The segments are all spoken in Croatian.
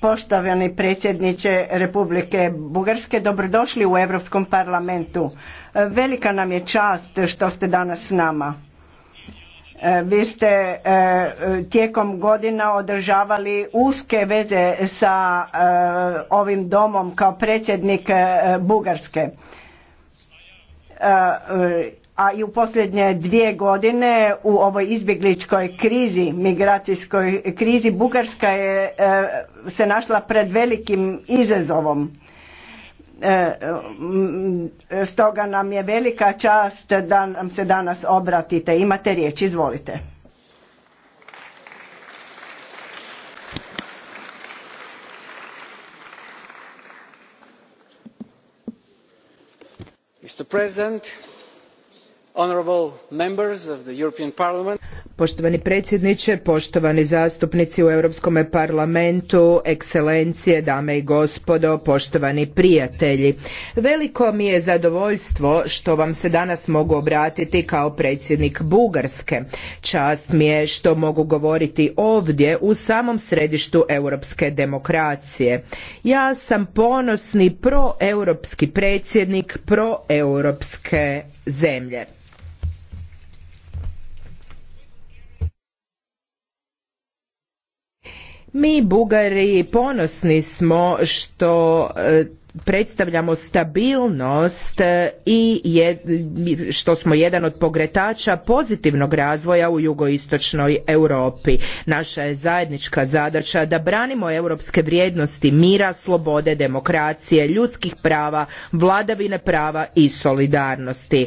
Poštovani predsjedniče Republike Bugarske, dobrodošli u Europskom parlamentu. Velika nam je čast što ste danas s nama. E, vi ste e, tijekom godina održavali uske veze sa e, ovim domom kao predsjednik Bugarske a i u posljednje dvije godine u ovoj izbjegličkoj krizi, migracijskoj krizi, Bugarska je e, se našla pred velikim izazovom. E, stoga nam je velika čast da nam se danas obratite. Imate riječ, izvolite. mr president honourable members of the european parliament Poštovani predsjedniče, poštovani zastupnici u Europskom parlamentu, ekscelencije, dame i gospodo, poštovani prijatelji. Veliko mi je zadovoljstvo što vam se danas mogu obratiti kao predsjednik Bugarske. Čast mi je što mogu govoriti ovdje u samom središtu europske demokracije. Ja sam ponosni proeuropski predsjednik proeuropske zemlje. Mi Bugari ponosni smo što e, predstavljamo stabilnost e, i što smo jedan od pogretača pozitivnog razvoja u jugoistočnoj Europi. Naša je zajednička zadaća da branimo europske vrijednosti mira, slobode, demokracije, ljudskih prava, vladavine prava i solidarnosti.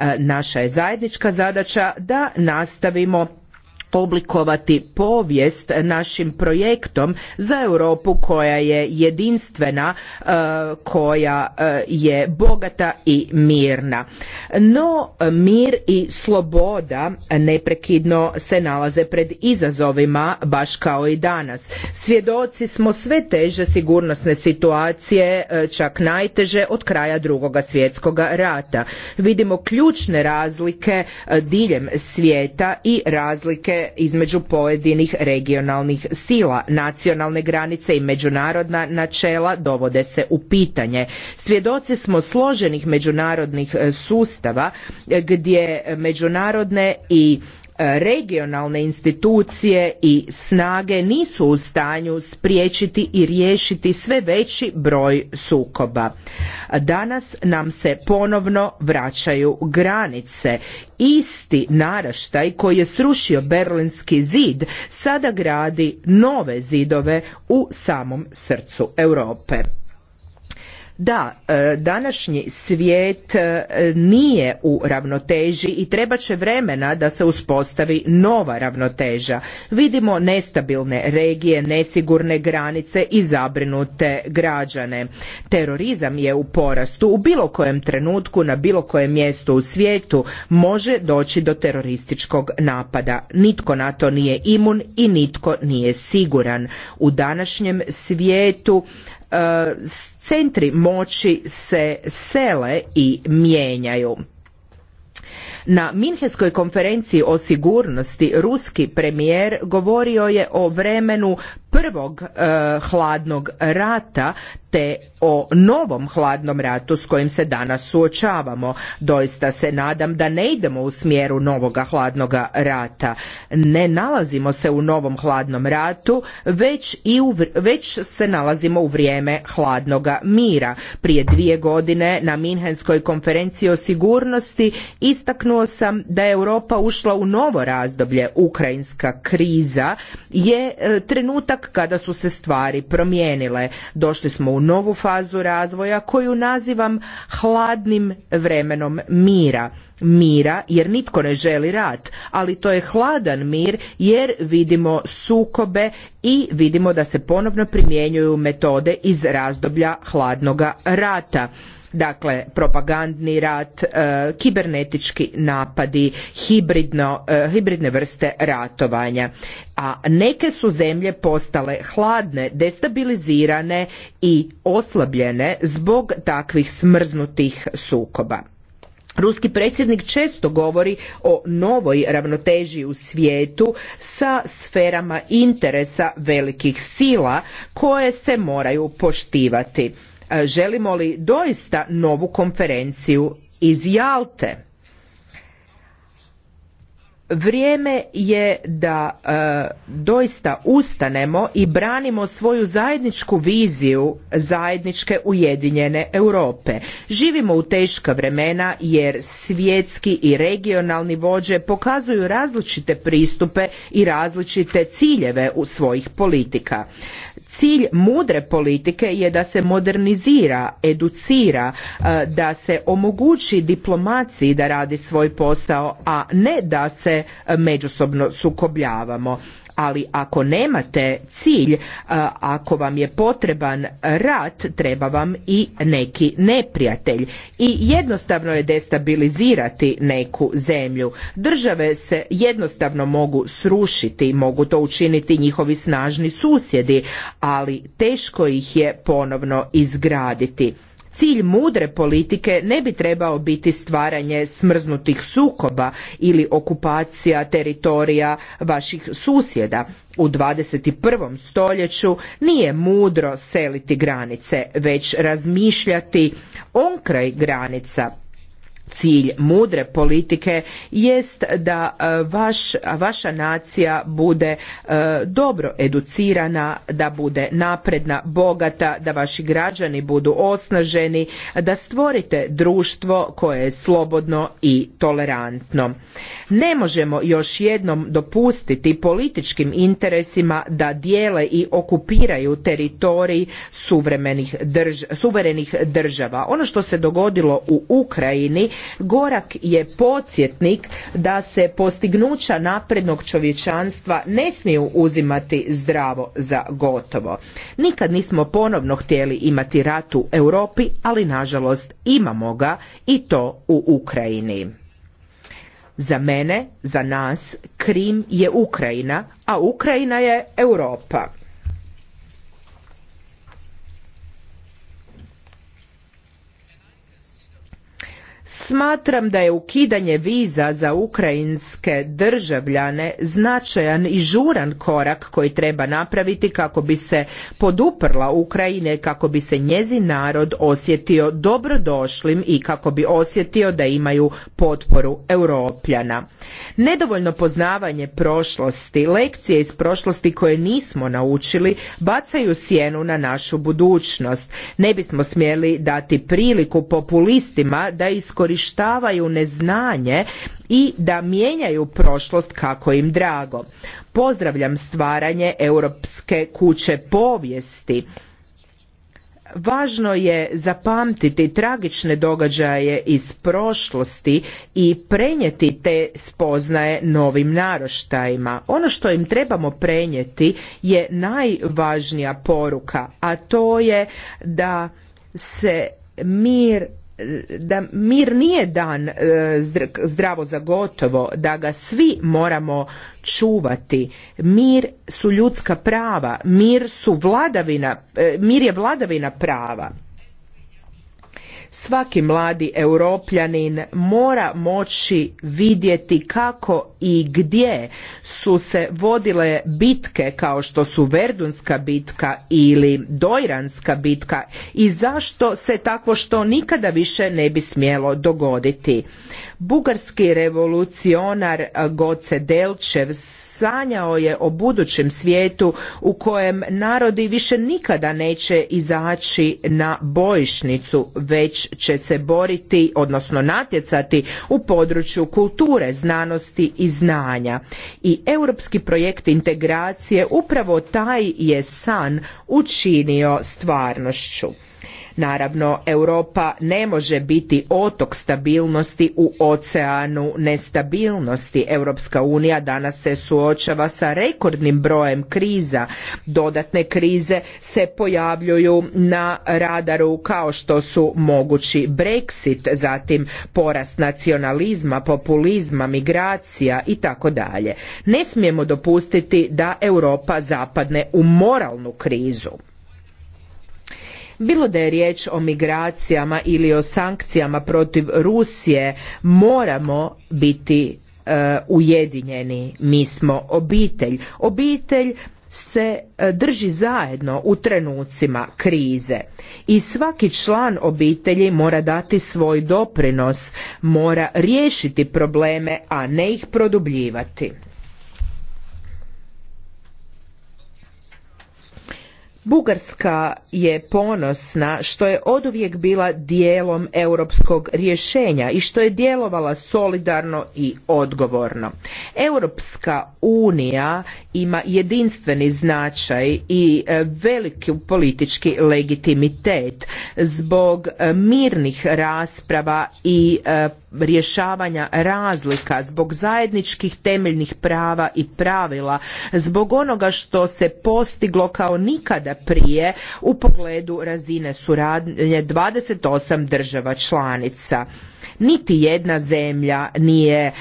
E, naša je zajednička zadaća da nastavimo oblikovati povijest našim projektom za Europu koja je jedinstvena, e, koja e, je bogata i mirna. No mir i sloboda neprekidno se nalaze pred izazovima baš kao i danas. Svjedoci smo sve teže sigurnosne situacije, e, čak najteže od kraja drugoga svjetskog rata. Vidimo ključne razlike diljem svijeta i razlike između pojedinih regionalnih sila. Nacionalne granice i međunarodna načela dovode se u pitanje. Svjedoci smo složenih međunarodnih e, sustava e, gdje međunarodne i regionalne institucije i snage nisu u stanju spriječiti i riješiti sve veći broj sukoba. Danas nam se ponovno vraćaju granice. Isti naraštaj koji je srušio Berlinski zid sada gradi nove zidove u samom srcu Europe. Da, e, današnji svijet e, nije u ravnoteži i treba će vremena da se uspostavi nova ravnoteža. Vidimo nestabilne regije, nesigurne granice i zabrinute građane. Terorizam je u porastu. U bilo kojem trenutku, na bilo kojem mjestu u svijetu može doći do terorističkog napada. Nitko na to nije imun i nitko nije siguran. U današnjem svijetu E, centri moći se sele i mijenjaju. Na Minhenskoj konferenciji o sigurnosti ruski premijer govorio je o vremenu prvog eh, hladnog rata te o novom hladnom ratu s kojim se danas suočavamo. Doista se nadam da ne idemo u smjeru novoga hladnoga rata. Ne nalazimo se u novom hladnom ratu, već, i već se nalazimo u vrijeme hladnoga mira. Prije dvije godine na Minhenskoj konferenciji o sigurnosti istaknuo sam da je Europa ušla u novo razdoblje. Ukrajinska kriza je eh, trenutak kada su se stvari promijenile. Došli smo u novu fazu razvoja koju nazivam hladnim vremenom mira. Mira jer nitko ne želi rat, ali to je hladan mir jer vidimo sukobe i vidimo da se ponovno primjenjuju metode iz razdoblja hladnoga rata. Dakle, propagandni rat, e, kibernetički napadi, hibridno, e, hibridne vrste ratovanja. A neke su zemlje postale hladne, destabilizirane i oslabljene zbog takvih smrznutih sukoba. Ruski predsjednik često govori o novoj ravnoteži u svijetu sa sferama interesa velikih sila koje se moraju poštivati. E, želimo li doista novu konferenciju iz Jalte? Vrijeme je da e, doista ustanemo i branimo svoju zajedničku viziju zajedničke ujedinjene Europe. Živimo u teška vremena jer svjetski i regionalni vođe pokazuju različite pristupe i različite ciljeve u svojih politika. Cilj mudre politike je da se modernizira, educira, e, da se omogući diplomaciji da radi svoj posao, a ne da se e, međusobno sukobljavamo ali ako nemate cilj, e, ako vam je potreban rat, treba vam i neki neprijatelj. I jednostavno je destabilizirati neku zemlju. Države se jednostavno mogu srušiti, mogu to učiniti njihovi snažni susjedi, ali teško ih je ponovno izgraditi. Cilj mudre politike ne bi trebao biti stvaranje smrznutih sukoba ili okupacija teritorija vaših susjeda. U 21. stoljeću nije mudro seliti granice, već razmišljati onkraj granica cilj mudre politike jest da e, vaš, vaša nacija bude e, dobro educirana, da bude napredna, bogata, da vaši građani budu osnaženi, da stvorite društvo koje je slobodno i tolerantno. Ne možemo još jednom dopustiti političkim interesima da dijele i okupiraju teritorij suvremenih suverenih država. Ono što se dogodilo u Ukrajini Gorak je podsjetnik da se postignuća naprednog čovječanstva ne smiju uzimati zdravo za gotovo. Nikad nismo ponovno htjeli imati rat u Europi, ali nažalost imamo ga i to u Ukrajini. Za mene, za nas, Krim je Ukrajina, a Ukrajina je Europa. Smatram da je ukidanje viza za ukrajinske državljane značajan i žuran korak koji treba napraviti kako bi se poduprla Ukrajine, kako bi se njezin narod osjetio dobrodošlim i kako bi osjetio da imaju potporu Europljana. Nedovoljno poznavanje prošlosti, lekcije iz prošlosti koje nismo naučili, bacaju sjenu na našu budućnost. Ne bismo smjeli dati priliku populistima da iz iskorištavaju neznanje i da mijenjaju prošlost kako im drago. Pozdravljam stvaranje Europske kuće povijesti. Važno je zapamtiti tragične događaje iz prošlosti i prenijeti te spoznaje novim naroštajima. Ono što im trebamo prenijeti je najvažnija poruka, a to je da se mir da mir nije dan e, zdravo za gotovo, da ga svi moramo čuvati. Mir su ljudska prava, mir su vladavina, e, mir je vladavina prava. Svaki mladi europljanin mora moći vidjeti kako i gdje su se vodile bitke kao što su Verdunska bitka ili Dojranska bitka i zašto se takvo što nikada više ne bi smjelo dogoditi. Bugarski revolucionar eh, Goce Delčev sanjao je o budućem svijetu u kojem narodi više nikada neće izaći na bojišnicu, već će se boriti, odnosno natjecati u području kulture, znanosti i znanja. I europski projekt integracije upravo taj je san učinio stvarnošću. Naravno, Europa ne može biti otok stabilnosti u oceanu nestabilnosti. Europska unija danas se suočava sa rekordnim brojem kriza. Dodatne krize se pojavljuju na radaru kao što su mogući Brexit, zatim porast nacionalizma, populizma, migracija i tako dalje. Ne smijemo dopustiti da Europa zapadne u moralnu krizu. Bilo da je riječ o migracijama ili o sankcijama protiv Rusije, moramo biti e, ujedinjeni. Mi smo obitelj. Obitelj se e, drži zajedno u trenucima krize i svaki član obitelji mora dati svoj doprinos, mora riješiti probleme, a ne ih produbljivati. Bugarska je ponosna što je oduvijek bila dijelom europskog rješenja i što je djelovala solidarno i odgovorno. Europska unija ima jedinstveni značaj i e, veliki politički legitimitet zbog e, mirnih rasprava i e, rješavanja razlika, zbog zajedničkih temeljnih prava i pravila, zbog onoga što se postiglo kao nikada prije u pogledu razine suradnje 28 država članica. Niti jedna zemlja nije e,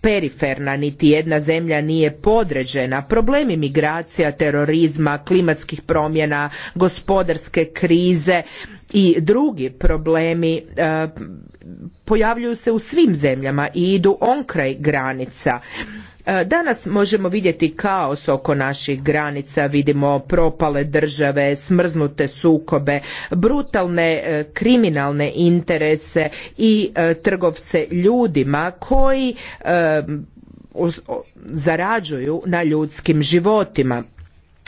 periferna, niti jedna zemlja nije podređena. Problemi migracija, terorizma, klimatskih promjena, gospodarske krize, i drugi problemi e, pojavljuju se u svim zemljama i idu kraj granica. E, danas možemo vidjeti kaos oko naših granica, vidimo propale države, smrznute sukobe, brutalne e, kriminalne interese i trgovce ljudima koji zarađuju na ljudskim životima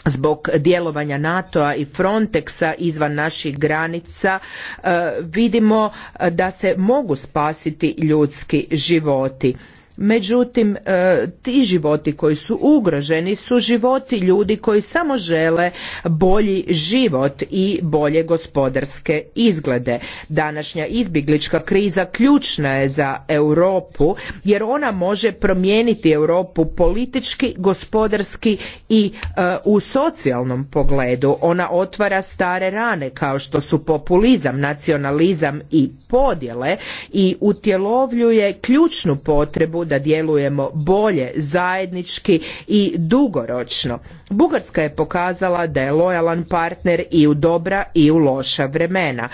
zbog djelovanja NATO-a i Frontexa izvan naših granica e, vidimo da se mogu spasiti ljudski životi Međutim, e, ti životi koji su ugroženi su životi ljudi koji samo žele bolji život i bolje gospodarske izglede. Današnja izbjeglička kriza ključna je za Europu jer ona može promijeniti Europu politički, gospodarski i e, u socijalnom pogledu. Ona otvara stare rane kao što su populizam, nacionalizam i podjele i utjelovljuje ključnu potrebu da djelujemo bolje zajednički i dugoročno. Bugarska je pokazala da je lojalan partner i u dobra i u loša vremena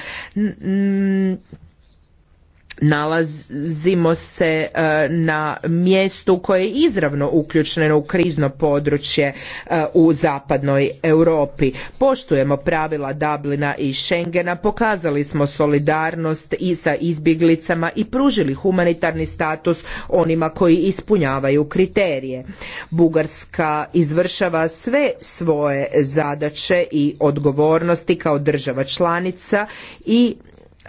nalazimo se e, na mjestu koje je izravno uključeno u krizno područje e, u zapadnoj Europi. Poštujemo pravila Dublina i Schengena, pokazali smo solidarnost i sa izbjeglicama i pružili humanitarni status onima koji ispunjavaju kriterije. Bugarska izvršava sve svoje zadaće i odgovornosti kao država članica i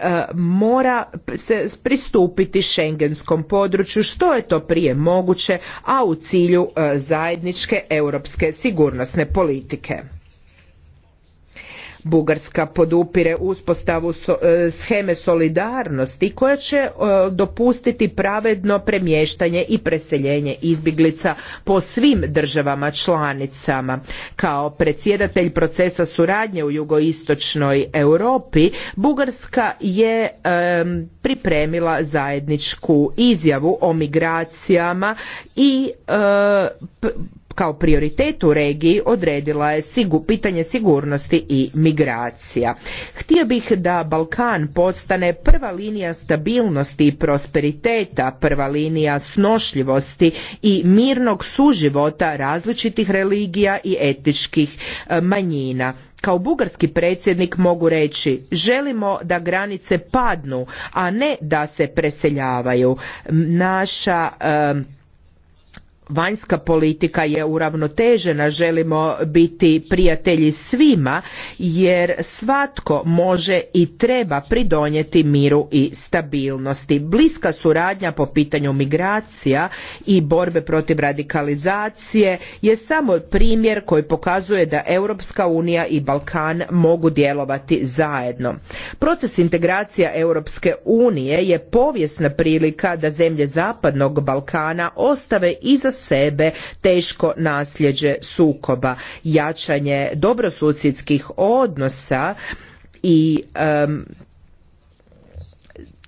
E, mora se pristupiti šengenskom području što je to prije moguće, a u cilju e, zajedničke europske sigurnosne politike. Bugarska podupire uspostavu sheme e, solidarnosti koja će e, dopustiti pravedno premještanje i preseljenje izbjeglica po svim državama članicama. Kao predsjedatelj procesa suradnje u jugoistočnoj Europi Bugarska je e, pripremila zajedničku izjavu o migracijama i kao prioritet u regiji odredila je sigu, pitanje sigurnosti i migracija. Htio bih da Balkan postane prva linija stabilnosti i prosperiteta, prva linija snošljivosti i mirnog suživota različitih religija i etičkih e, manjina. Kao bugarski predsjednik mogu reći želimo da granice padnu, a ne da se preseljavaju. Naša e, vanjska politika je uravnotežena, želimo biti prijatelji svima jer svatko može i treba pridonijeti miru i stabilnosti. Bliska suradnja po pitanju migracija i borbe protiv radikalizacije je samo primjer koji pokazuje da Europska unija i Balkan mogu djelovati zajedno. Proces integracija Europske unije je povijesna prilika da zemlje Zapadnog Balkana ostave iza sebe teško nasljeđe sukoba. Jačanje dobrosusjedskih odnosa i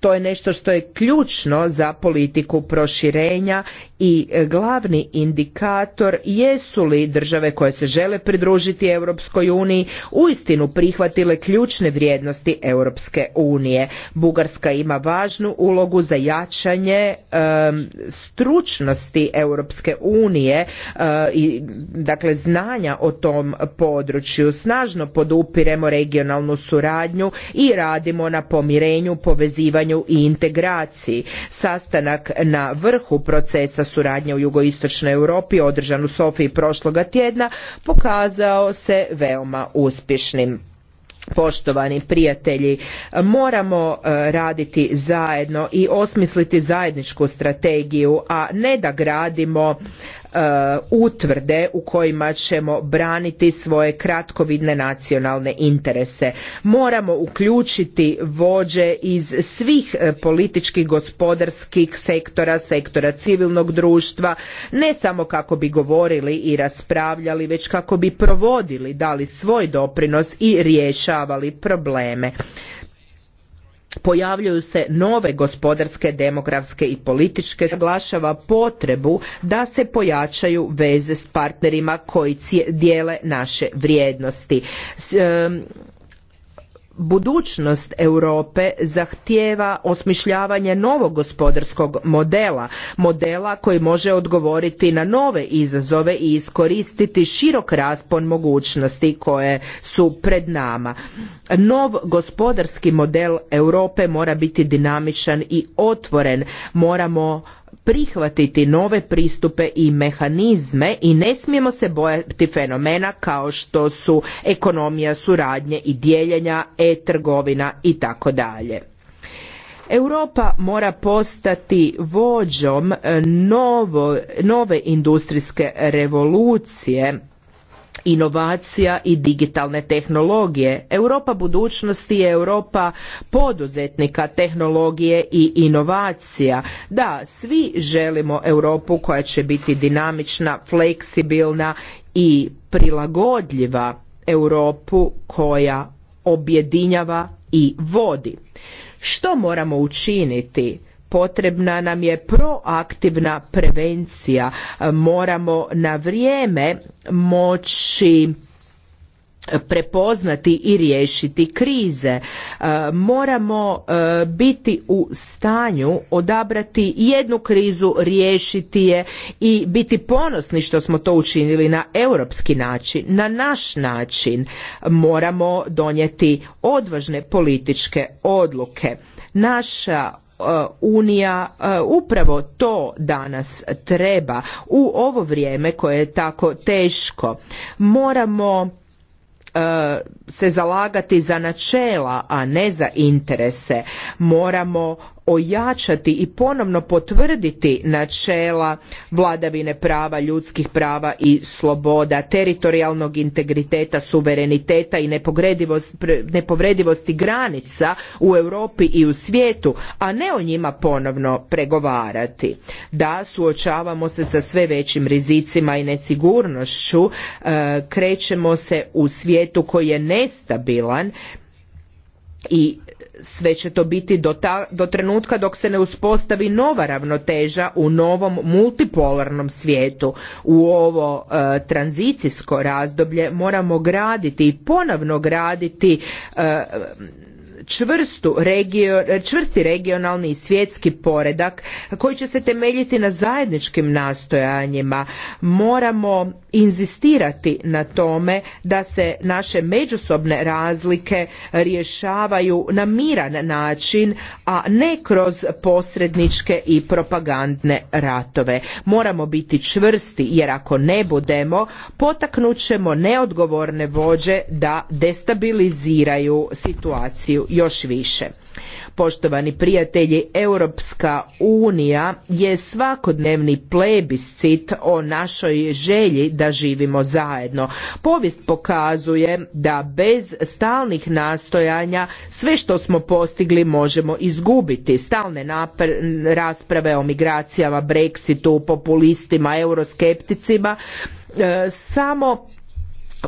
to je nešto što je ključno za politiku proširenja i glavni indikator jesu li države koje se žele pridružiti Europskoj uniji uistinu prihvatile ključne vrijednosti Europske unije. Bugarska ima važnu ulogu za jačanje stručnosti Europske unije e, i dakle znanja o tom području. Snažno podupiremo regionalnu suradnju i radimo na pomirenju, povezivanju i integraciji. Sastanak na vrhu procesa suradnje u jugoistočnoj Europi održan u Sofiji prošloga tjedna pokazao se veoma uspješnim. Poštovani prijatelji, moramo e, raditi zajedno i osmisliti zajedničku strategiju, a ne da gradimo E, utvrde u kojima ćemo braniti svoje kratkovidne nacionalne interese. Moramo uključiti vođe iz svih e, političkih, gospodarskih sektora, sektora civilnog društva, ne samo kako bi govorili i raspravljali, već kako bi provodili, dali svoj doprinos i rješavali probleme pojavljuju se nove gospodarske, demografske i političke naglašava potrebu da se pojačaju veze s partnerima koji dijele naše vrijednosti budućnost Europe zahtijeva osmišljavanje novog gospodarskog modela, modela koji može odgovoriti na nove izazove i iskoristiti širok raspon mogućnosti koje su pred nama. Nov gospodarski model Europe mora biti dinamičan i otvoren. Moramo prihvatiti nove pristupe i mehanizme i ne smijemo se bojati fenomena kao što su ekonomija suradnje i dijeljenja, e-trgovina i tako dalje. Europa mora postati vođom nove industrijske revolucije inovacija i digitalne tehnologije. Europa budućnosti je Europa poduzetnika, tehnologije i inovacija. Da, svi želimo Europu koja će biti dinamična, fleksibilna i prilagodljiva Europu koja objedinjava i vodi. Što moramo učiniti? potrebna nam je proaktivna prevencija. Moramo na vrijeme moći prepoznati i riješiti krize. Moramo e, biti u stanju odabrati jednu krizu, riješiti je i biti ponosni što smo to učinili na europski način, na naš način. Moramo donijeti odvažne političke odluke. Naša E, unija e, upravo to danas treba u ovo vrijeme koje je tako teško. Moramo e, se zalagati za načela, a ne za interese. Moramo ojačati i ponovno potvrditi načela vladavine prava, ljudskih prava i sloboda, teritorijalnog integriteta, suvereniteta i nepovredivosti granica u Europi i u svijetu, a ne o njima ponovno pregovarati. Da, suočavamo se sa sve većim rizicima i nesigurnošću, e, krećemo se u svijetu koji je nestabilan i sve će to biti do, do trenutka dok se ne uspostavi nova ravnoteža u novom multipolarnom svijetu u ovo e, tranzicijsko razdoblje moramo graditi i ponovno graditi e, čvrstu čvrsti regionalni i svjetski poredak koji će se temeljiti na zajedničkim nastojanjima. Moramo inzistirati na tome da se naše međusobne razlike rješavaju na miran način, a ne kroz posredničke i propagandne ratove. Moramo biti čvrsti jer ako ne budemo potaknut ćemo neodgovorne vođe da destabiliziraju situaciju još više. Poštovani prijatelji, Europska unija je svakodnevni plebiscit o našoj želji da živimo zajedno. Povijest pokazuje da bez stalnih nastojanja sve što smo postigli možemo izgubiti. Stalne rasprave o migracijama, brexitu, populistima, euroskepticima e, samo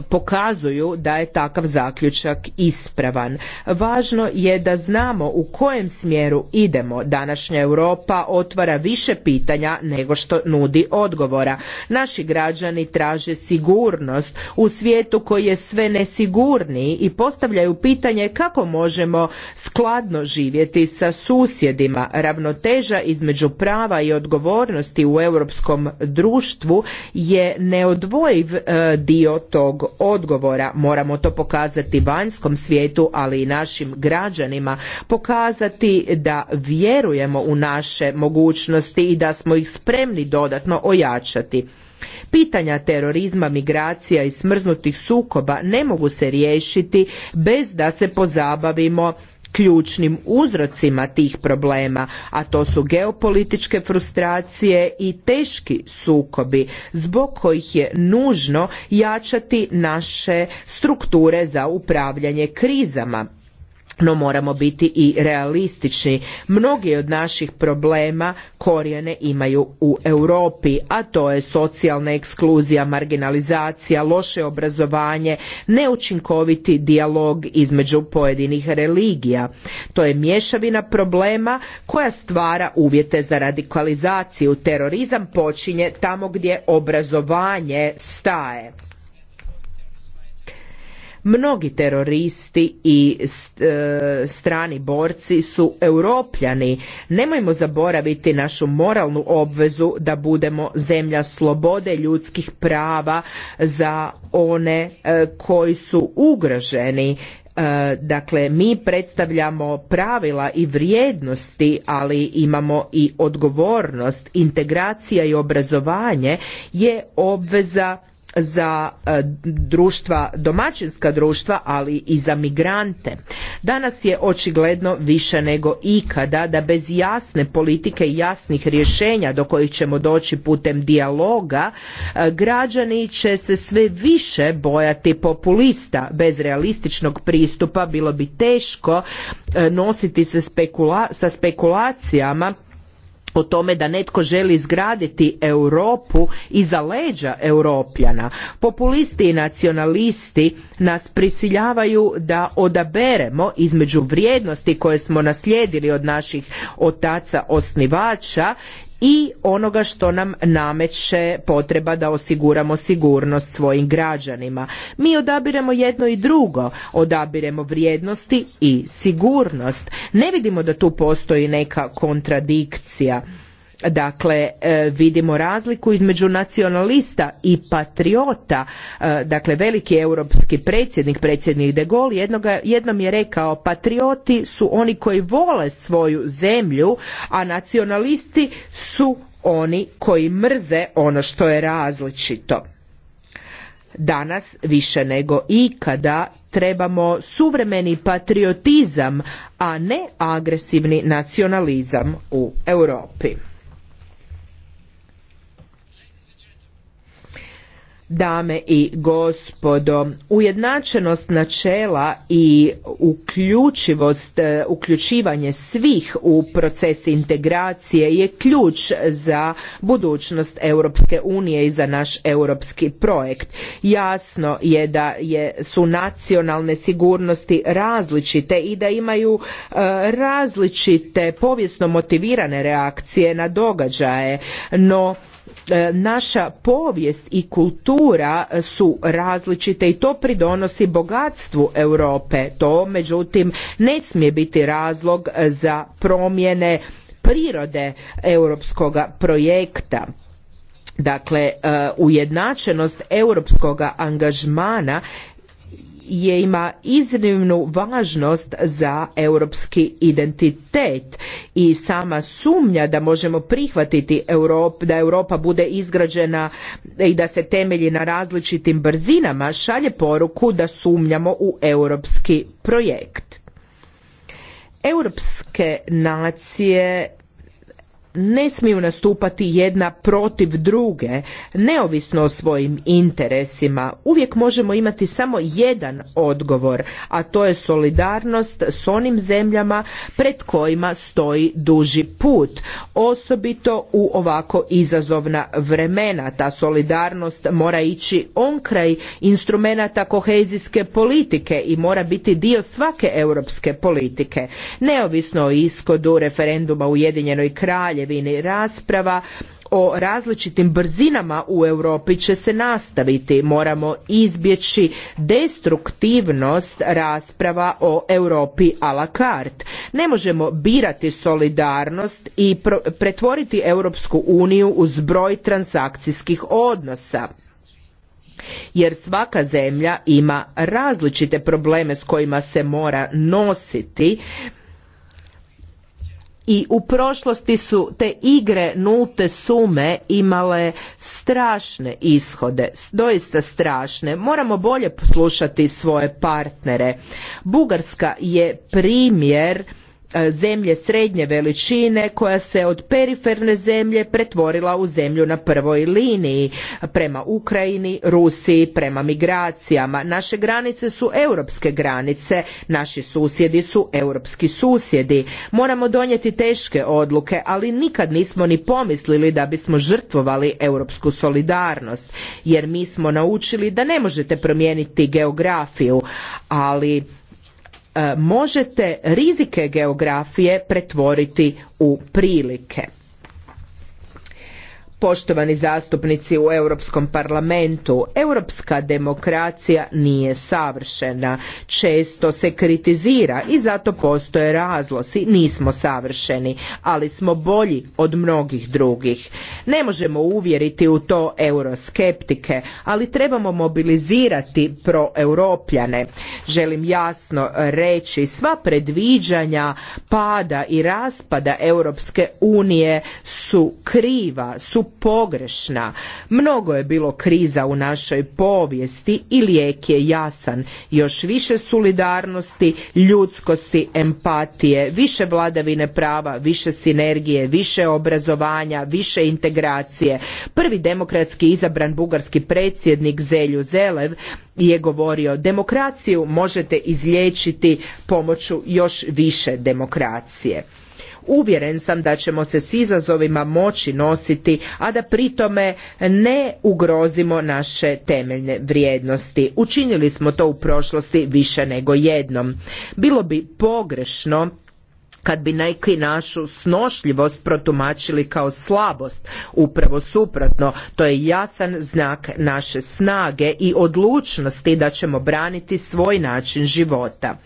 pokazuju da je takav zaključak ispravan. Važno je da znamo u kojem smjeru idemo. Današnja Europa otvara više pitanja nego što nudi odgovora. Naši građani traže sigurnost u svijetu koji je sve nesigurniji i postavljaju pitanje kako možemo skladno živjeti sa susjedima. Ravnoteža između prava i odgovornosti u europskom društvu je neodvojiv e, dio tog odgovora. Moramo to pokazati vanjskom svijetu, ali i našim građanima. Pokazati da vjerujemo u naše mogućnosti i da smo ih spremni dodatno ojačati. Pitanja terorizma, migracija i smrznutih sukoba ne mogu se riješiti bez da se pozabavimo ključnim uzrocima tih problema, a to su geopolitičke frustracije i teški sukobi zbog kojih je nužno jačati naše strukture za upravljanje krizama no moramo biti i realistični. Mnogi od naših problema korijene imaju u Europi, a to je socijalna ekskluzija, marginalizacija, loše obrazovanje, neučinkoviti dijalog između pojedinih religija. To je mješavina problema koja stvara uvjete za radikalizaciju. Terorizam počinje tamo gdje obrazovanje staje. Mnogi teroristi i e, strani borci su europljani. Nemojmo zaboraviti našu moralnu obvezu da budemo zemlja slobode ljudskih prava za one e, koji su ugroženi e, dakle mi predstavljamo pravila i vrijednosti ali imamo i odgovornost integracija i obrazovanje je obveza za e, društva, domaćinska društva, ali i za migrante. Danas je očigledno više nego ikada da bez jasne politike i jasnih rješenja do kojih ćemo doći putem dijaloga, e, građani će se sve više bojati populista. Bez realističnog pristupa bilo bi teško e, nositi se sa spekulacijama o tome da netko želi izgraditi Europu iza leđa europljana. Populisti i nacionalisti nas prisiljavaju da odaberemo između vrijednosti koje smo naslijedili od naših otaca osnivača i onoga što nam nameće potreba da osiguramo sigurnost svojim građanima. Mi odabiremo jedno i drugo, odabiremo vrijednosti i sigurnost. Ne vidimo da tu postoji neka kontradikcija. Dakle, e, vidimo razliku između nacionalista i patriota. E, dakle, veliki europski predsjednik, predsjednik de Gaulle, jednom je rekao patrioti su oni koji vole svoju zemlju, a nacionalisti su oni koji mrze ono što je različito. Danas više nego ikada trebamo suvremeni patriotizam, a ne agresivni nacionalizam u Europi. dame i gospodo ujednačenost načela i uključivost e, uključivanje svih u proces integracije je ključ za budućnost Europske unije i za naš europski projekt jasno je da je su nacionalne sigurnosti različite i da imaju e, različite povijesno motivirane reakcije na događaje no E, naša povijest i kultura su različite i to pridonosi bogatstvu Europe. To međutim ne smije biti razlog za promjene prirode europskoga projekta. Dakle, e, ujednačenost europskoga angažmana je ima iznimnu važnost za europski identitet i sama sumnja da možemo prihvatiti Europ, da Europa bude izgrađena i da se temelji na različitim brzinama šalje poruku da sumnjamo u europski projekt. Europske nacije ne smiju nastupati jedna protiv druge, neovisno o svojim interesima. Uvijek možemo imati samo jedan odgovor, a to je solidarnost s onim zemljama pred kojima stoji duži put. Osobito u ovako izazovna vremena ta solidarnost mora ići onkraj instrumenata kohezijske politike i mora biti dio svake europske politike. Neovisno o ishodu referenduma Ujedinjenoj kralje kraljevini. Rasprava o različitim brzinama u Europi će se nastaviti. Moramo izbjeći destruktivnost rasprava o Europi a la carte. Ne možemo birati solidarnost i pretvoriti Europsku uniju u zbroj transakcijskih odnosa jer svaka zemlja ima različite probleme s kojima se mora nositi i u prošlosti su te igre nulte sume imale strašne ishode, doista strašne. Moramo bolje poslušati svoje partnere. Bugarska je primjer E, zemlje srednje veličine koja se od periferne zemlje pretvorila u zemlju na prvoj liniji prema Ukrajini, Rusiji, prema migracijama. Naše granice su europske granice, naši susjedi su europski susjedi. Moramo donijeti teške odluke, ali nikad nismo ni pomislili da bismo žrtvovali europsku solidarnost, jer mi smo naučili da ne možete promijeniti geografiju, ali E, možete rizike geografije pretvoriti u prilike. Poštovani zastupnici u Europskom parlamentu, europska demokracija nije savršena. Često se kritizira i zato postoje razlosi. Nismo savršeni, ali smo bolji od mnogih drugih. Ne možemo uvjeriti u to euroskeptike, ali trebamo mobilizirati proeuropljane. Želim jasno reći, sva predviđanja pada i raspada Europske unije su kriva, su pogrešna. Mnogo je bilo kriza u našoj povijesti i lijek je jasan. Još više solidarnosti, ljudskosti, empatije, više vladavine prava, više sinergije, više obrazovanja, više integracije integracije. Prvi demokratski izabran bugarski predsjednik Zelju Zelev je govorio demokraciju možete izlječiti pomoću još više demokracije. Uvjeren sam da ćemo se s izazovima moći nositi, a da pritome ne ugrozimo naše temeljne vrijednosti. Učinili smo to u prošlosti više nego jednom. Bilo bi pogrešno kad bi neki našu snošljivost protumačili kao slabost. Upravo suprotno, to je jasan znak naše snage i odlučnosti da ćemo braniti svoj način života.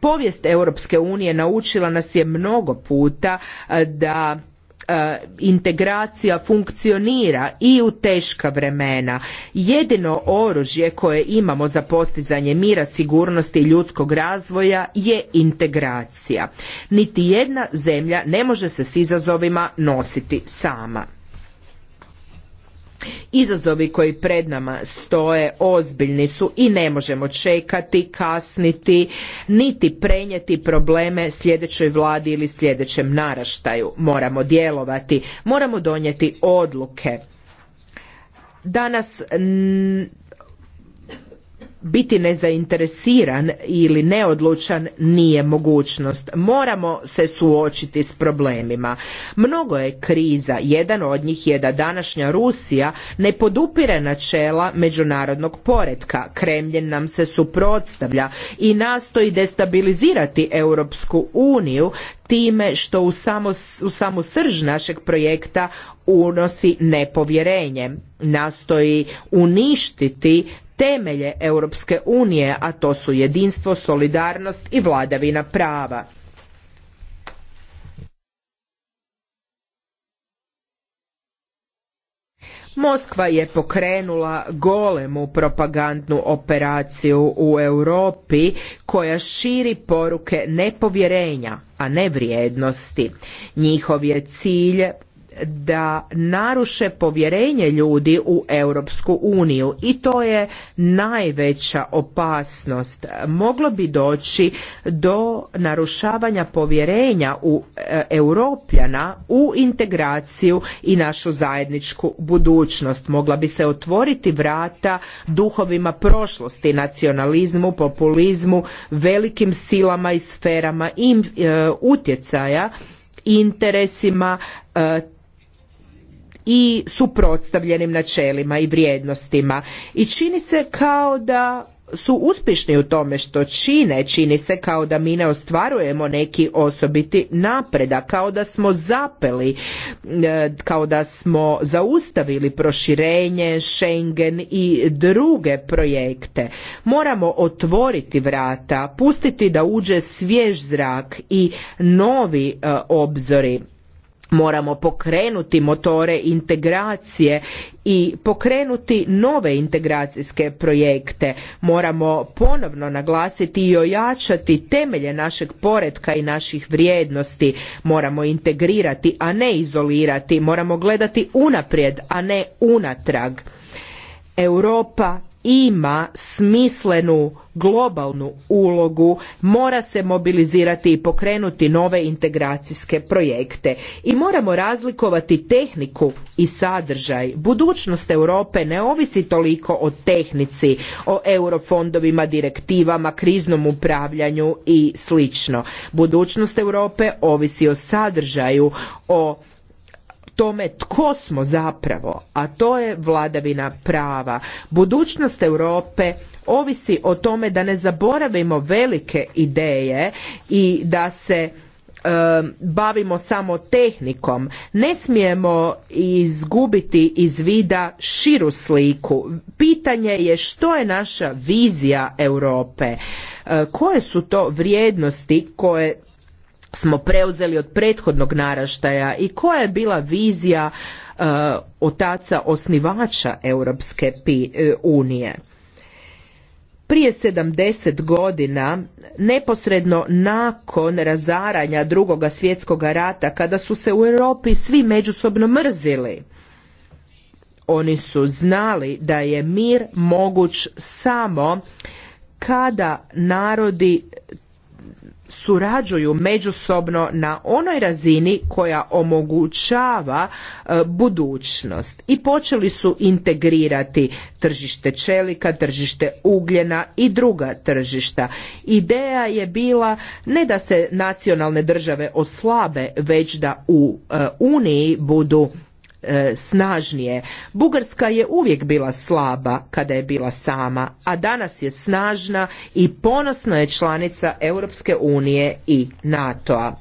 Povijest Europske unije naučila nas je mnogo puta eh, da E, integracija funkcionira i u teška vremena. Jedino oružje koje imamo za postizanje mira, sigurnosti i ljudskog razvoja je integracija. Niti jedna zemlja ne može se s izazovima nositi sama. Izazovi koji pred nama stoje ozbiljni su i ne možemo čekati, kasniti, niti prenijeti probleme sljedećoj vladi ili sljedećem naraštaju. Moramo djelovati, moramo donijeti odluke. Danas biti nezainteresiran ili neodlučan nije mogućnost. Moramo se suočiti s problemima. Mnogo je kriza, jedan od njih je da današnja Rusija ne podupire načela međunarodnog poretka. Kremljen nam se suprotstavlja i nastoji destabilizirati Europsku uniju time što u, samo, u samu srž našeg projekta unosi nepovjerenje. Nastoji uništiti temelje Europske unije, a to su jedinstvo, solidarnost i vladavina prava. Moskva je pokrenula golemu propagandnu operaciju u Europi koja širi poruke nepovjerenja, a ne vrijednosti. Njihov je cilj da naruše povjerenje ljudi u Europsku uniju i to je najveća opasnost. Moglo bi doći do narušavanja povjerenja u e, Europljana u integraciju i našu zajedničku budućnost. Mogla bi se otvoriti vrata duhovima prošlosti, nacionalizmu, populizmu, velikim silama i sferama im, e, utjecaja interesima e, i suprotstavljenim načelima i vrijednostima. I čini se kao da su uspješni u tome što čine, čini se kao da mi ne ostvarujemo neki osobiti napreda, kao da smo zapeli, e, kao da smo zaustavili proširenje, Schengen i druge projekte. Moramo otvoriti vrata, pustiti da uđe svjež zrak i novi e, obzori moramo pokrenuti motore integracije i pokrenuti nove integracijske projekte moramo ponovno naglasiti i ojačati temelje našeg poretka i naših vrijednosti moramo integrirati a ne izolirati moramo gledati unaprijed a ne unatrag europa ima smislenu globalnu ulogu mora se mobilizirati i pokrenuti nove integracijske projekte i moramo razlikovati tehniku i sadržaj budućnost Europe ne ovisi toliko o tehnici o eurofondovima direktivama kriznom upravljanju i slično budućnost Europe ovisi o sadržaju o tome tko smo zapravo, a to je vladavina prava. Budućnost Europe ovisi o tome da ne zaboravimo velike ideje i da se bavimo samo tehnikom ne smijemo izgubiti iz vida širu sliku pitanje je što je naša vizija Europe koje su to vrijednosti koje smo preuzeli od prethodnog naraštaja i koja je bila vizija e, otaca osnivača Europske e, unije. Prije 70 godina, neposredno nakon razaranja drugoga svjetskog rata, kada su se u Europi svi međusobno mrzili, oni su znali da je mir moguć samo kada narodi surađuju međusobno na onoj razini koja omogućava e, budućnost i počeli su integrirati tržište čelika, tržište ugljena i druga tržišta. Ideja je bila ne da se nacionalne države oslabe, već da u e, Uniji budu e, snažnije. Bugarska je uvijek bila slaba kada je bila sama, a danas je snažna i ponosno je članica Europske unije i NATO-a.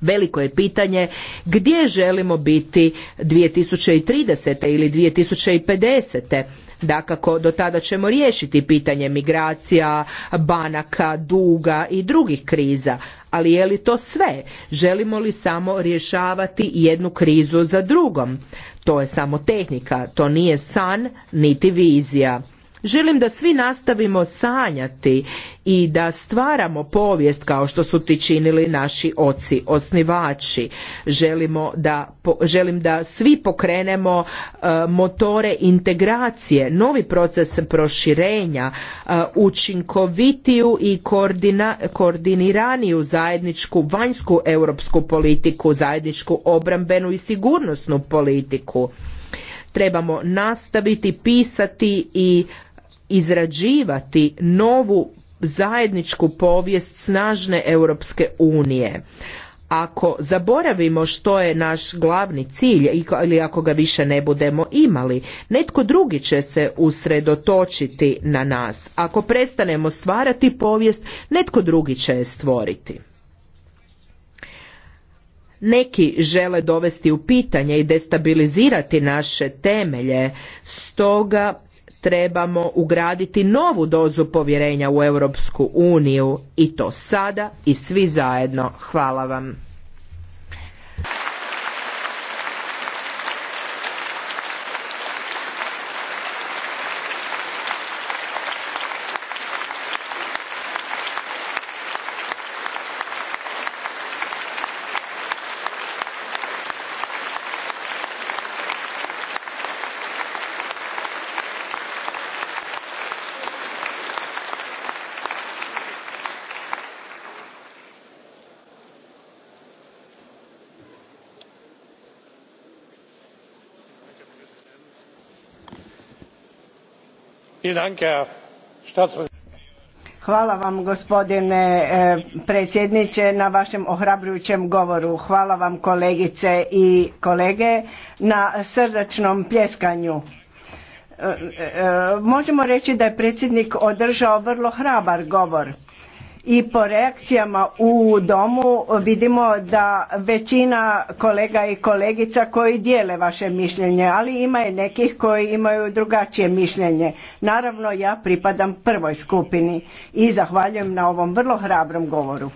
Veliko je pitanje gdje želimo biti 2030. ili 2050. Dakako, do tada ćemo riješiti pitanje migracija, banaka, duga i drugih kriza ali je li to sve? Želimo li samo rješavati jednu krizu za drugom? To je samo tehnika, to nije san niti vizija. Želim da svi nastavimo sanjati i da stvaramo povijest kao što su ti činili naši oci osnivači. Želimo da, želim da svi pokrenemo e, motore integracije, novi proces proširenja, e, učinkovitiju i koordiniraniju zajedničku vanjsku europsku politiku, zajedničku obrambenu i sigurnosnu politiku. Trebamo nastaviti pisati i izrađivati novu zajedničku povijest snažne Europske unije. Ako zaboravimo što je naš glavni cilj ili ako ga više ne budemo imali, netko drugi će se usredotočiti na nas. Ako prestanemo stvarati povijest, netko drugi će je stvoriti. Neki žele dovesti u pitanje i destabilizirati naše temelje, stoga trebamo ugraditi novu dozu povjerenja u Europsku uniju i to sada i svi zajedno. Hvala vam. Hvala vam gospodine e, predsjedniče na vašem ohrabrujućem govoru. Hvala vam kolegice i kolege na srdačnom pljeskanju. E, e, možemo reći da je predsjednik održao vrlo hrabar govor i po reakcijama u domu vidimo da većina kolega i kolegica koji dijele vaše mišljenje, ali ima i nekih koji imaju drugačije mišljenje. Naravno ja pripadam prvoj skupini i zahvaljujem na ovom vrlo hrabrom govoru.